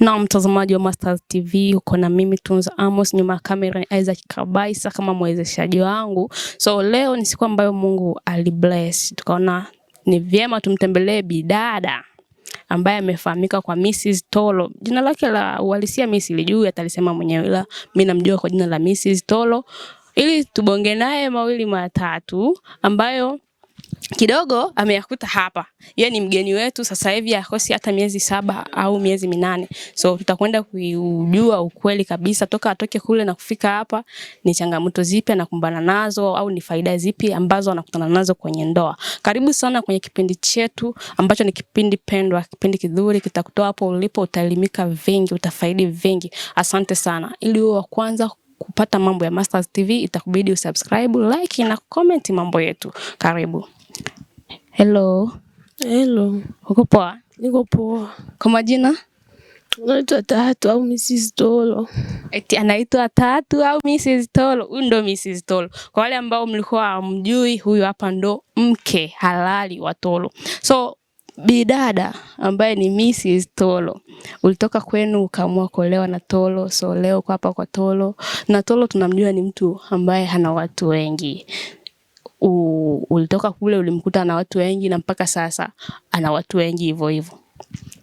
Na mtazamaji wa Mastaz TV uko na mimi Tunza Amos, nyuma ya kamera ni Isaac Kabaisa kama mwezeshaji wangu. So leo ni siku ambayo Mungu alibless, tukaona ni vyema tumtembelee bidada ambaye amefahamika kwa Mrs Tolo. Jina lake la uhalisia mimi silijui, atalisema mwenyewe, ila mimi namjua kwa jina la Mrs Tolo, ili tubonge naye mawili matatu ambayo kidogo ameyakuta hapa. Yeye ni mgeni wetu sasa hivi, akosi hata miezi saba au miezi minane, so tutakwenda kujua ukweli kabisa toka atoke kule na kufika hapa, ni changamoto zipi anakumbana nazo au ni faida zipi ambazo anakutana nazo kwenye ndoa. Karibu sana kwenye kipindi chetu ambacho ni kipindi pendwa, kipindi kizuri, kitakutoa hapo ulipo, utaelimika vingi, utafaidi vingi. Asante sana. Ili uwe wa kwanza kupata mambo ya Mastaz TV itakubidi usubscribe, like na comment mambo yetu. Karibu. Hello. Hello. Uko poa? Niko poa. Kwa majina? Unaitwa Tatu au Mrs. Tolo? Eti anaitwa Tatu au Mrs. Tolo? Huyu ndo Mrs. Tolo. Kwa wale ambao mlikuwa hamjui, huyu hapa ndo mke halali wa Tolo. So bidada ambaye ni Mrs. Tolo, ulitoka kwenu ukaamua kuolewa na Tolo, so leo kwa hapa kwa Tolo na Tolo tunamjua ni mtu ambaye hana watu wengi ulitoka kule ulimkuta na watu wengi, na mpaka sasa ana watu wengi hivyo hivyo.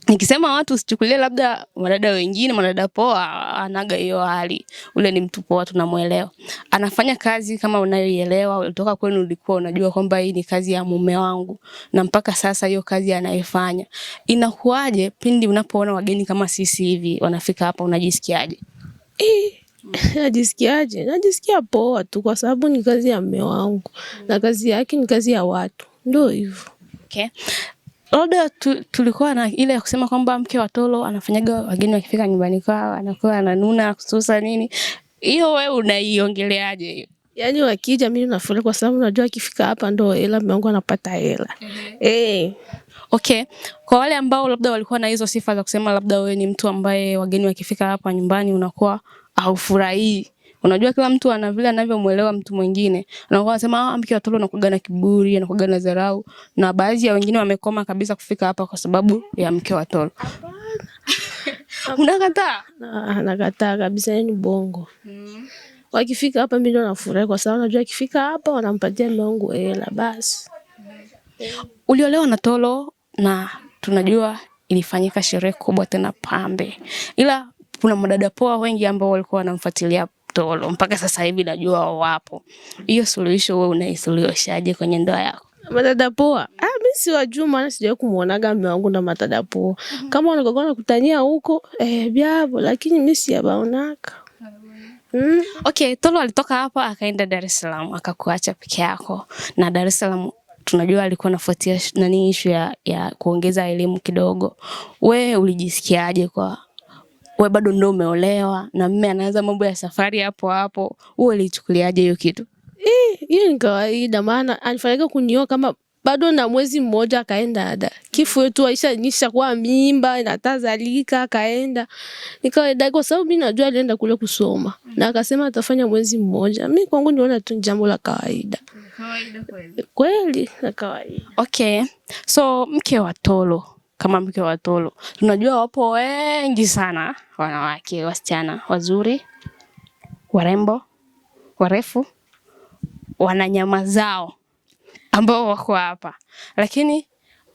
Nikisema watu usichukulie labda mwanadada wengine, mwanadada poa anaga hiyo hali, ule ni mtu poa, tunamuelewa. anafanya kazi kama unayoielewa. Ulitoka kwenu, ulikuwa unajua kwamba hii ni kazi ya mume wangu, na mpaka sasa hiyo kazi anayefanya inakuaje? Pindi unapoona wageni kama sisi hivi wanafika hapa, unajisikiaje? Eh, Najisikiaje? Najisikia poa tu kwa sababu ni kazi ya mme wangu mm. na kazi yake ni kazi ya watu, ndio hivyo. Okay. Labda tu, tulikuwa na ile ya kusema kwamba mke wa tolo anafanyaga wageni wakifika nyumbani kwao anakuwa ananuna kususa nini. Hiyo wewe unaiongeleaje hiyo? Yaani wakija mimi nafurahi kwa sababu najua akifika hapa ndo hela mume wangu anapata hela. Mm -hmm. Eh. Okay. Kwa wale ambao labda walikuwa na hizo sifa za kusema labda wewe ni mtu ambaye wageni wakifika hapa nyumbani unakuwa haufurahii. Unajua kila mtu ana vile anavyomuelewa mtu mwingine. Unakuwa unasema ah, mke wa tolo anakuwa na kiburi, anakuwa na dharau na baadhi ya wengine wamekoma kabisa kufika hapa kwa sababu ya mke wa tolo. Unakataa? Na, nakataa kabisa yani bongo. Mm. Wakifika hapa mimi ndo nafurahi kwa sababu najua akifika hapa wanampatia mume wangu hela basi. Mm. Uliolewa na tolo na tunajua ilifanyika sherehe kubwa tena pambe. Ila kuna madada poa wengi ambao walikuwa wanamfuatilia Tolo mpaka sasa hivi najua wapo. Hiyo suluhisho wewe unaisuluhishaje kwenye ndoa yako? Madada poa? Ah, mimi si siwajui maana sijawahi kumuonaga mume wangu na madada poa. Mhm. Kama wanakokuwa nakutania huko eh, byavo lakini mimi si yabaonaka. Mm. Okay, Tolo alitoka hapa akaenda Dar es Salaam akakuacha peke yako. Na Dar es Salaam tunajua alikuwa anafuatia nani issue ya, ya kuongeza elimu kidogo. We ulijisikiaje kwa we bado ndo umeolewa na mme anaanza mambo ya safari hapo hapo, wewe ulichukuliaje hiyo kitu? Eh, hiyo ni kawaida, maana anifanyaga kunioa kama bado na mwezi mmoja akaenda ada kifu yetu aisha nisha kwa mimba natazalika akaenda nikaenda, kwa sababu mimi najua alienda kule kusoma na akasema atafanya mwezi mmoja. Mimi kwangu niona tu jambo la kawaida, kawaida kweli kweli, la kawaida. Okay, so mke wa Tolo kama mke wa Tolo. Tunajua wapo wengi sana wanawake wasichana wazuri, warembo, warefu, wana nyama zao ambao wako hapa, lakini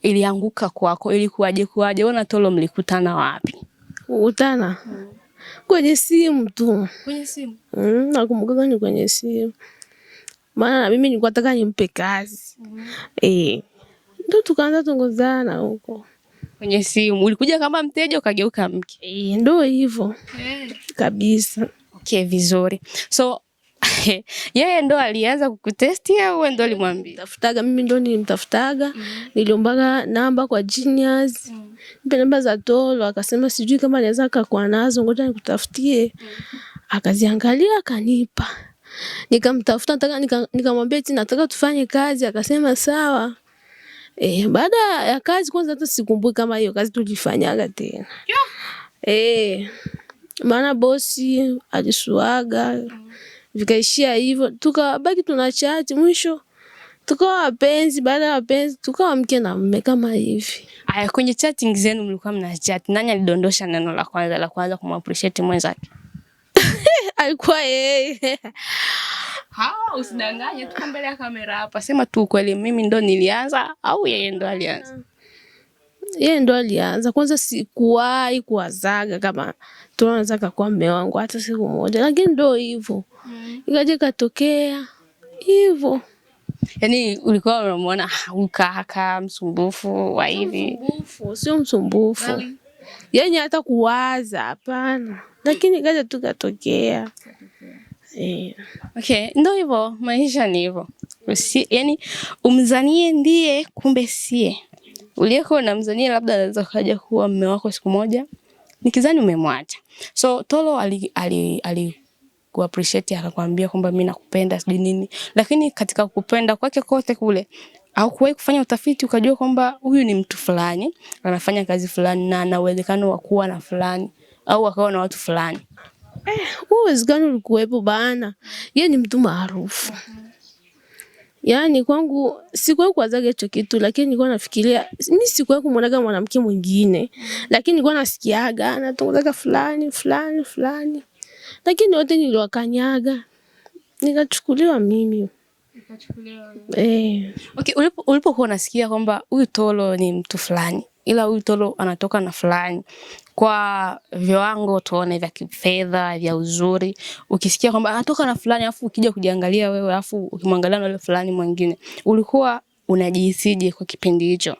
ilianguka kwako. Ilikuwaje? Kuwaje? wewe na Tolo mlikutana wapi? Kukutana mm. kwenye simu tu, kwenye simu mm, nakumbuka ni kwenye simu, maana mimi nilikuwa nataka nimpe kazi mm. E, eh. ndo tukaanza tungozana huko kwenye simu. Ulikuja kama mteja ukageuka mke. E, ndio hivyo eh. kabisa. Okay, vizuri. So yeye ndo alianza kukutesti au wewe ndo ulimwambia? Tafutaga mimi ndo nilimtafutaga Niliombaga namba kwa Genius mm. Nipe namba za Tolo, akasema sijui kama anaweza akakuwa nazo, ngoja nikutafutie Akaziangalia akanipa, nikamtafuta, nikamwambia nika eti nataka tufanye kazi, akasema sawa Eh, baada ya kazi kwanza hata sikumbui kama hiyo kazi tulifanyaga tena. Eh. maana bosi alisuaga vikaishia hivyo, tukabaki tuna chati mwisho tukawa wapenzi. Baada ya wapenzi, tukawa mke na mume kama hivi. Aya, kwenye chatting zenu mlikuwa mna chat, nani alidondosha neno la kwanza la kwanza kumappreciate mwenzake? alikuwa yeye Haa, usidanganye, tu ah. mbele ya kamera hapa, sema tu kweli mimi ndo nilianza au yeye ndo alianza? Ah. Yeye ndo alianza. Kwanza sikuwahi kuwazaga kama tunaanza kwa mume wangu hata siku moja, lakini ndo hivyo mm. Ikaja katokea hivyo Yaani ulikuwa unamwona ukaka msumbufu wa hivi? Sio msumbufu, yaani? yaani hata kuwaza hapana, lakini kaja tukatokea E. Okay, ndo hivyo maisha ni hivyo. Usi, yani umzanie ndiye kumbe sie. Uliyekuwa unamzania labda anaweza kaja kuwa mume wako siku moja. Nikizani umemwacha. So Tolo ali ali, ali ku appreciate akakwambia kwamba mimi nakupenda sijui nini. Lakini katika kupenda kwake kote kule au kuwahi kufanya utafiti ukajua kwamba huyu ni mtu fulani, anafanya kazi fulani na ana uwezekano wa kuwa na fulani au akawa na watu fulani huo eh, uwezi gani ulikuwepo bana, ye ni mtu maarufu yani kwangu sikuwahi kuwazaga hicho kitu, lakini nilikuwa nafikiria, mi sikuwahi kumwonaga mwanamke mwingine, lakini nilikuwa nasikiaga anatongozaga fulani fulani fulani, lakini wote niliwakanyaga, nikachukuliwa mimi. Eh. Okay, ulipokuwa unasikia kwamba huyu tolo ni mtu fulani, ila huyu tolo anatoka na fulani, kwa viwango tuone vya kifedha, vya uzuri. Ukisikia kwamba anatoka ah, na fulani afu ukija kujiangalia wewe afu ukimwangalia na yule fulani mwingine, ulikuwa unajihisije kwa kipindi hicho?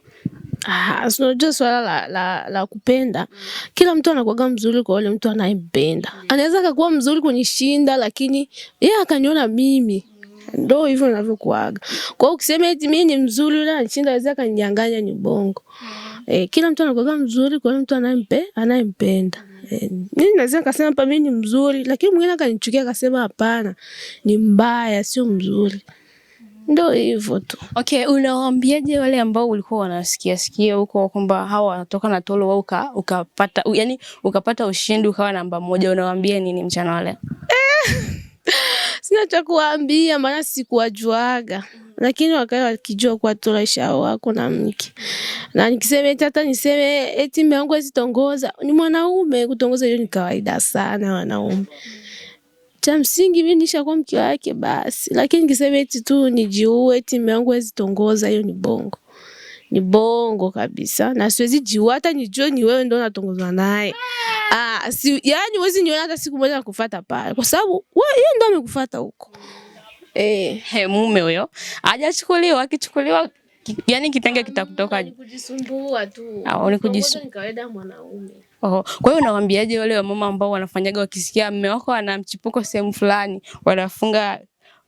Ah, unajua swala la, la, la kupenda, kila mtu anakuwaga mzuri kwa yule mtu anayempenda. Anaweza akakuwa mzuri kunishinda, lakini yeye akaniona mimi ndo hivyo navyokuaga. Kwa hiyo ukisema eti mimi ni mzuri yule anishinda, aweza akaninyang'anya, ni bongo. E, kila mtu anakuwa mzuri kwa mtu anayempe anayempenda. E, mimi naweza kusema hapa mimi ni mzuri, lakini mwingine akanichukia akasema hapana, ni mbaya, sio mzuri. Ndo hivyo tu. Okay, unawaambiaje wale ambao ulikuwa wanasikia sikia huko kwamba hawa wanatoka na tolo wao uka, ukapata yani ukapata ushindi ukawa namba moja, unawaambia nini mchana wale? Eh, sina cha kuambia maana sikuwajuaga lakini wakae wakijua kuwa tulaisha wako na mke. Na nikisema eti hata niseme eti mume wangu azitongoza ni mwanaume, kutongoza hiyo ni kawaida sana wanaume. Cha msingi mimi nishakuwa mke wake basi, lakini nikisema eti tu nijiue eti mume wangu azitongoza hiyo ni bongo ni bongo kabisa, na siwezi jiua hata nijue ni wewe ndio unatongozwa naye. Ah, si, yani wezi niona hata siku moja nakufuata pale, kwa sababu wewe yeye ndo amekufuata huko eh, he mume huyo hajachukuliwa, akichukuliwa yani kitenge ah, kitakutoka. Kujisumbua tu au ah, ni kujisumbua kawaida mwanaume. Oh, kwa hiyo unawaambiaje wale wamama ambao wanafanyaga wakisikia mume wako ana mchipuko sehemu fulani, wanafunga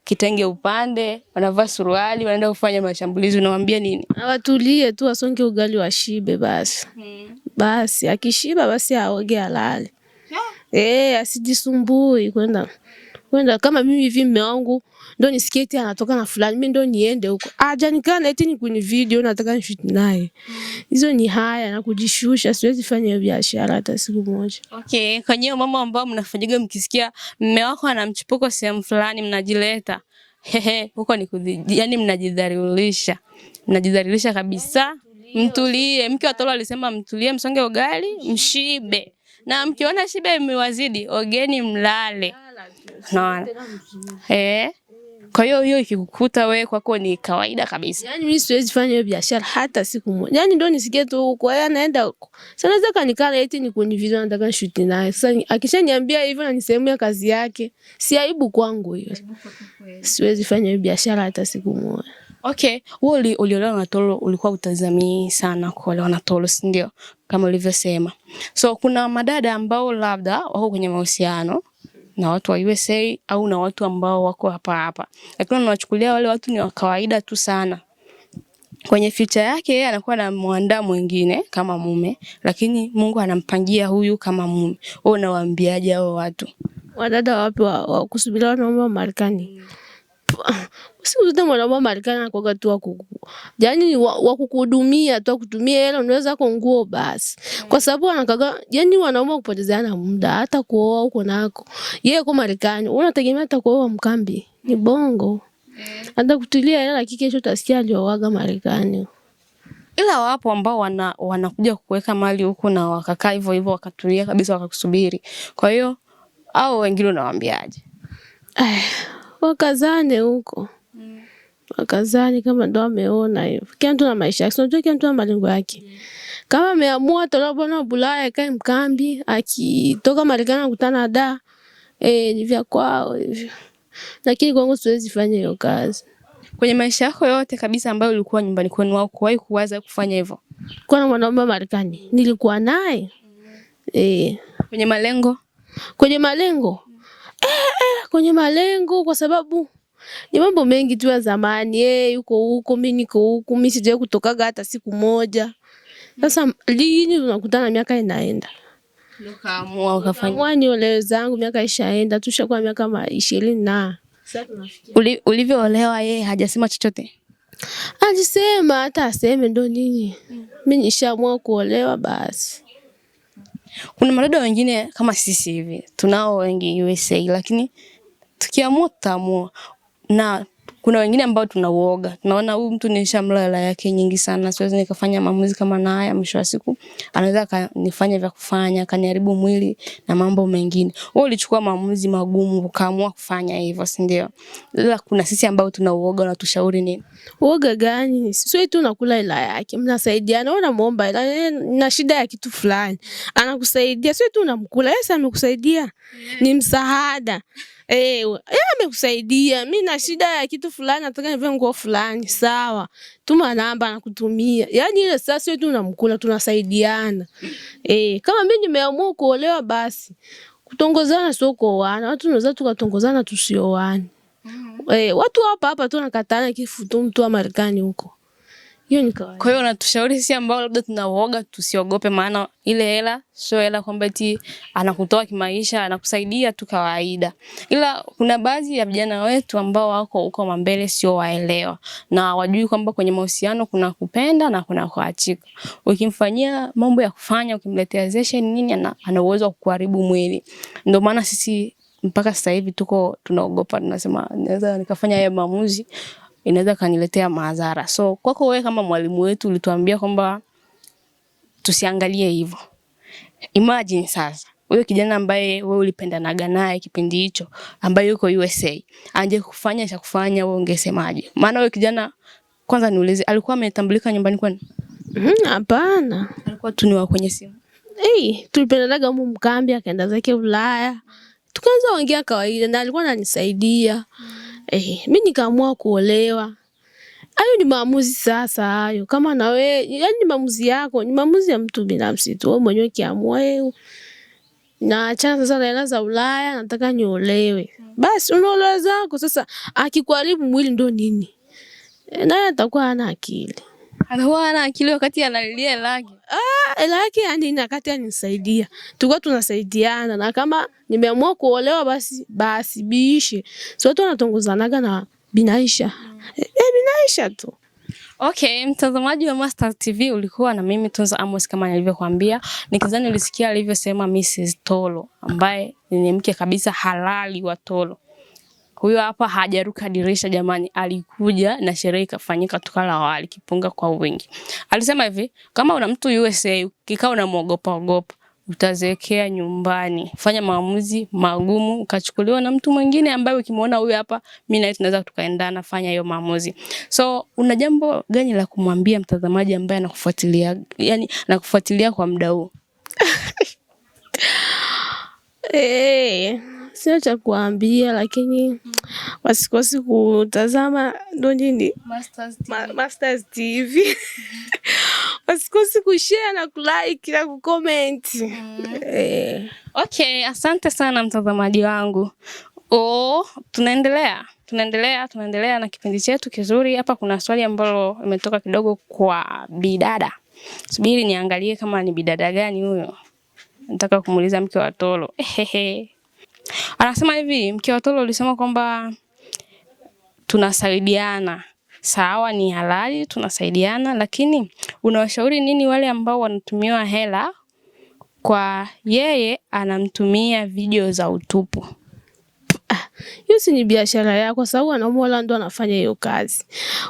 kitenge upande, wanavaa suruali, wanaenda kufanya mashambulizi, unawaambia nini? Awatulie tu, asonge ugali washibe basi. Hmm. Basi akishiba basi aoge alale. Yeah. Eh, asijisumbui kwenda kwenda kama mimi hivi mume wangu ndo nisikie eti anatoka na fulani, mimi ndo niende huko. na eti ni kwenye video nataka nishoot naye. Hizo ni haya na kujishusha, siwezi fanya biashara hata siku moja. Okay, kwa hiyo mama ambao mnafanyaga mkisikia mume wako anamchipuko sehemu fulani mnajileta. Hehe, huko ni kudhi, yani mnajidharulisha. Mnajidharulisha kabisa. Mtulie, mke wa Tolo alisema mtulie, msonge ugali, mshibe. Na mkiona shibe imewazidi, ogeni mlale. Naona Eh? Kwa hiyo hiyo ikikukuta wewe kwako ni kawaida kabisa. Yaani mimi siwezi fanya hiyo biashara hata siku moja. Yaani ndio nisikie tu huko yeye yaani anaenda huko. Sasa naweza kanikala eti ni kwenye video nataka nishuti naye. Sasa akishaniambia hivyo na nisehemu ya kazi yake, si aibu kwangu hiyo. Siwezi fanya hiyo biashara hata siku moja. Okay, wewe uliolewa na Tolo ulikuwa utazamii sana kuolewa na Tolo, si ndio? Kama ulivyosema. So kuna madada ambao labda wako kwenye mahusiano na watu wa USA au na watu ambao wako hapa hapa, lakini wanawachukulia wale watu ni wa kawaida tu sana. Kwenye future yake yeye anakuwa na mwandaa mwingine kama mume, lakini Mungu anampangia huyu kama mume. Wewe unawaambiaje hao watu? Wadada wapi wa kusubiria wanaume wa Marekani? siku zote mwanaume Marekani anakuwaga tu wakuku yani tu, hela unaweza ko nguo basi, mm. kwa sababu anakaga yani wanaume wakupotezeana muda. Hata kuoa huko nako yeye Marekani unategemea hata kuoa mkambi ni bongo, mm. hata kutulia hela kesho utasikia Marekani. Ila wapo ambao wana wanakuja kuweka mali huku na wakakaa hivyo hivyo wakatulia kabisa wakakusubiri. Kwa hiyo au wengine unawaambiaje? wakazane huko mm. kama ndo ameona hivyo. Kila mtu na maisha yake, unajua kila mtu na malengo yake mm. kama ameamua tolea bwana Bulaya akae mkambi, akitoka Marekani akutana da eh, ni vya kwao hivyo, lakini kwangu siwezi fanya hiyo kazi. Kwenye maisha yako yote kabisa ambayo ulikuwa nyumbani kwenu, wao kuwahi kuwaza kufanya hivyo? Kwa na mwanaume Marekani nilikuwa naye mm. eh, kwenye malengo kwenye malengo kwenye malengo, kwa sababu ni mambo mengi tu ya zamani. Yeye eh, yuko huko, mimi niko huku, mimi sijawe kutokaga hata siku moja. Sasa lini tunakutana? Miaka inaenda Ukaamua niolewe zangu, miaka ishaenda, tushakuwa miaka ma ishirini na Uli, ulivyoolewa yeye hajasema chochote? Alisema hata aseme ndo nini, mm. Mi nishaamua kuolewa basi. Kuna madada wengine kama sisi hivi tunao wengi USA, lakini tukiamua tutaamua na kuna wengine ambao tunauoga, tunaona huyu mtu nishamla hela yake nyingi sana, siwezi nikafanya maamuzi kama na haya. Mwisho wa siku anaweza akanifanya vya kufanya, kaniharibu mwili na mambo mengine. Wewe ulichukua maamuzi magumu ukaamua kufanya hivyo, si ndio? Ila kuna sisi ambao tunauoga, na tushauri nini? Uoga gani? Sio tu nakula hela yake, mnasaidiana. Wewe unamuomba hela na shida ya kitu fulani, anakusaidia, sio tu unamkula. Yeye amekusaidia, ni msaada eh, yeye amekusaidia. Mimi na shida ya kitu fulani, nataka nivae nguo fulani, sawa, tuma namba, nakutumia. Yani ile sasa sio tu namkula, tunasaidiana eh. Kama mimi nimeamua kuolewa, basi kutongozana sio kuoana. Watu tunaweza tukatongozana tusioane. mm -hmm. Eh, watu hapa hapa tu nakatana kifutu mtu wa Marekani huko hiyo ni kawaida. Kwa hiyo natushauri sisi ambao labda tunauoga tusiogope, maana ile hela sio hela kwamba eti anakutoa kimaisha, anakusaidia tu kawaida. Ila kuna baadhi ya vijana wetu ambao wako huko mambele sio waelewa na wajui kwamba kwenye mahusiano kuna kupenda na kuna kuachika. Ukimfanyia mambo ya kufanya, ukimletea zeshe nini, ana uwezo wa kuharibu mwili. Ndio maana sisi mpaka sasa hivi tuko tunaogopa, tunasema naweza nikafanya haya maamuzi inaweza kaniletea madhara. So kwako wewe kama mwalimu wetu ulituambia kwamba tusiangalie hivyo. Imagine sasa huyo kijana ambaye wewe ulipendanaga naye kipindi hicho ambaye yuko USA anje kufanya cha kufanya, wewe ungesemaje? Maana huyo kijana kwanza, niulize, alikuwa ametambulika nyumbani kwani? Mm-hmm, hapana. Mm alikuwa tu ni wa kwenye simu. Hey, tulipendanaga mu mkambi, akaenda zake Ulaya, tukaanza ongea kawaida na alikuwa ananisaidia mm. Eh, mi nikaamua kuolewa. Hayo ni maamuzi sasa, hayo kama na we, yani ni maamuzi yako, ni maamuzi ya mtu binafsi tu, wewe mwenyewe kiamua Wewe naachana sasa na hela za Ulaya, nataka niolewe, basi unaolewa zako. Sasa akikuharibu mwili ndo nini? E, naye atakuwa hana akili, atakuwa hana akili wakati analilia lake Ah, elaki yani nakati anisaidia. Tulikuwa tunasaidiana na kama nimeamua kuolewa basi basi biishe. Sio watu na binaisha. e, eh, eh, binaisha tu. Okay, mtazamaji wa Mastaz TV ulikuwa na mimi tunza Amos kama nilivyokuambia. Nikizani ulisikia alivyosema Mrs. Tolo ambaye ni mke kabisa halali wa Tolo. Huyo hapa hajaruka dirisha jamani, alikuja na sherehe ikafanyika, tukala wali kipunga kwa wingi. Alisema hivi, kama una mtu USA ukikaa unamwogopa ogopa, utazekea nyumbani. Fanya maamuzi magumu, ukachukuliwa na mtu mwingine ambaye ukimwona huyu hapa, mimi na tunaweza tukaendana, fanya hiyo maamuzi. So una jambo gani la kumwambia mtazamaji ambaye anakufuatilia, yani anakufuatilia kwa muda huu? Eh. Hey sio cha kuambia, lakini wasikosi kutazama ndo nini Masters TV, Ma, Masters TV. wasikosi kushare na kulike na kukomenti mm. Mm-hmm. Eh. Okay, asante sana mtazamaji wangu. Oh, tunaendelea tunaendelea tunaendelea na kipindi chetu kizuri hapa. Kuna swali ambalo limetoka kidogo kwa bidada, subiri niangalie kama ni bidada gani huyo. Nataka kumuuliza mke wa Tolo. Ehehe. Anasema hivi, mke wa Tolo ulisema kwamba tunasaidiana. Sawa, ni halali tunasaidiana, lakini unawashauri nini wale ambao wanatumiwa hela kwa yeye anamtumia video za utupu? Ah, hiyo si ni biashara yako, kwa sababu wanaume wala ndo anafanya hiyo kazi.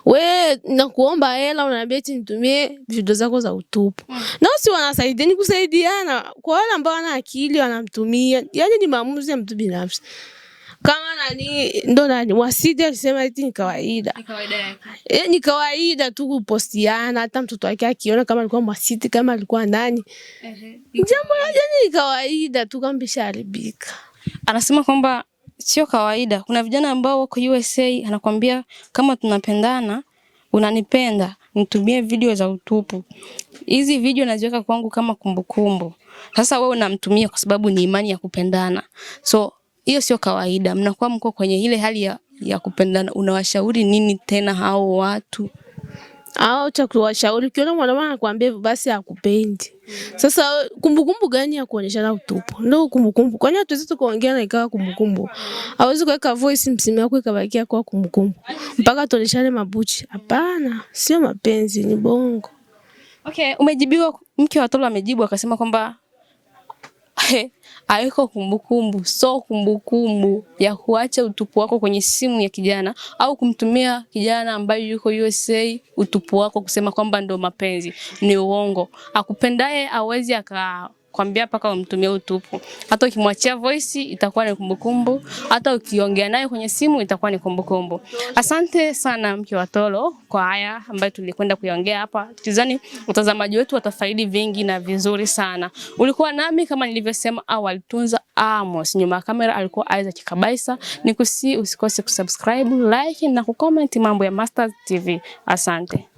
We nakuomba hela, unaniambia eti nitumie video zako za utupu. Mm. Na si wanasaidia, ni kusaidiana. Kwa wale ambao wana akili wanamtumia, yani ni maamuzi ya mtu binafsi. Kama nani ndo nani Wasidi alisema eti ni kawaida, e, ni kawaida tu kupostiana. Hata mtoto wake akiona kama alikuwa Mwasiti kama alikuwa nani, jambo la jani ni kawaida tu, kambisha haribika. Anasema kwamba sio kawaida. Kuna vijana ambao wako USA anakwambia kama tunapendana, unanipenda, nitumie video za utupu. Hizi video naziweka kwangu kama kumbukumbu. Sasa wewe unamtumia kwa sababu ni imani ya kupendana. So hiyo sio kawaida. Mnakuwa mko kwenye ile hali ya, ya kupendana. Unawashauri nini tena hao watu? au cha kuwashauri. Ukiona mwanaume anakuambia hivyo, basi akupendi Sasa kumbukumbu gani ya kuonyeshana utupu? Ndio kumbukumbu. nini hatuwezi tukaongea na ikawa kumbukumbu? Hawezi kuweka voice msimu wako ikabakia kwa kumbukumbu mpaka tuonyeshane mabuchi? Hapana, sio mapenzi, ni bongo. Okay, umejibiwa. Mke wa Tolo amejibu akasema kwamba eh, aweko kumbukumbu, so kumbukumbu ya kuacha utupu wako kwenye simu ya kijana au kumtumia kijana ambaye yuko USA utupu wako kusema kwamba ndo mapenzi, ni uongo. Akupendaye awezi aka kwambia paka umtumie utupu. Hata ukimwachia voice itakuwa ni kumbukumbu, hata ukiongea naye kwenye simu itakuwa ni kumbukumbu. Asante sana mke wa Tolo kwa haya ambayo tulikwenda kuyaongea hapa. Tizani watazamaji wetu watafaidi vingi na vizuri sana. Ulikuwa nami kama nilivyosema awali, Tunza Amos. Nyuma ya kamera alikuwa Isaac Kabaisa. Nikusi usikose kusubscribe, like na kucomment mambo ya Mastaz TV. Asante.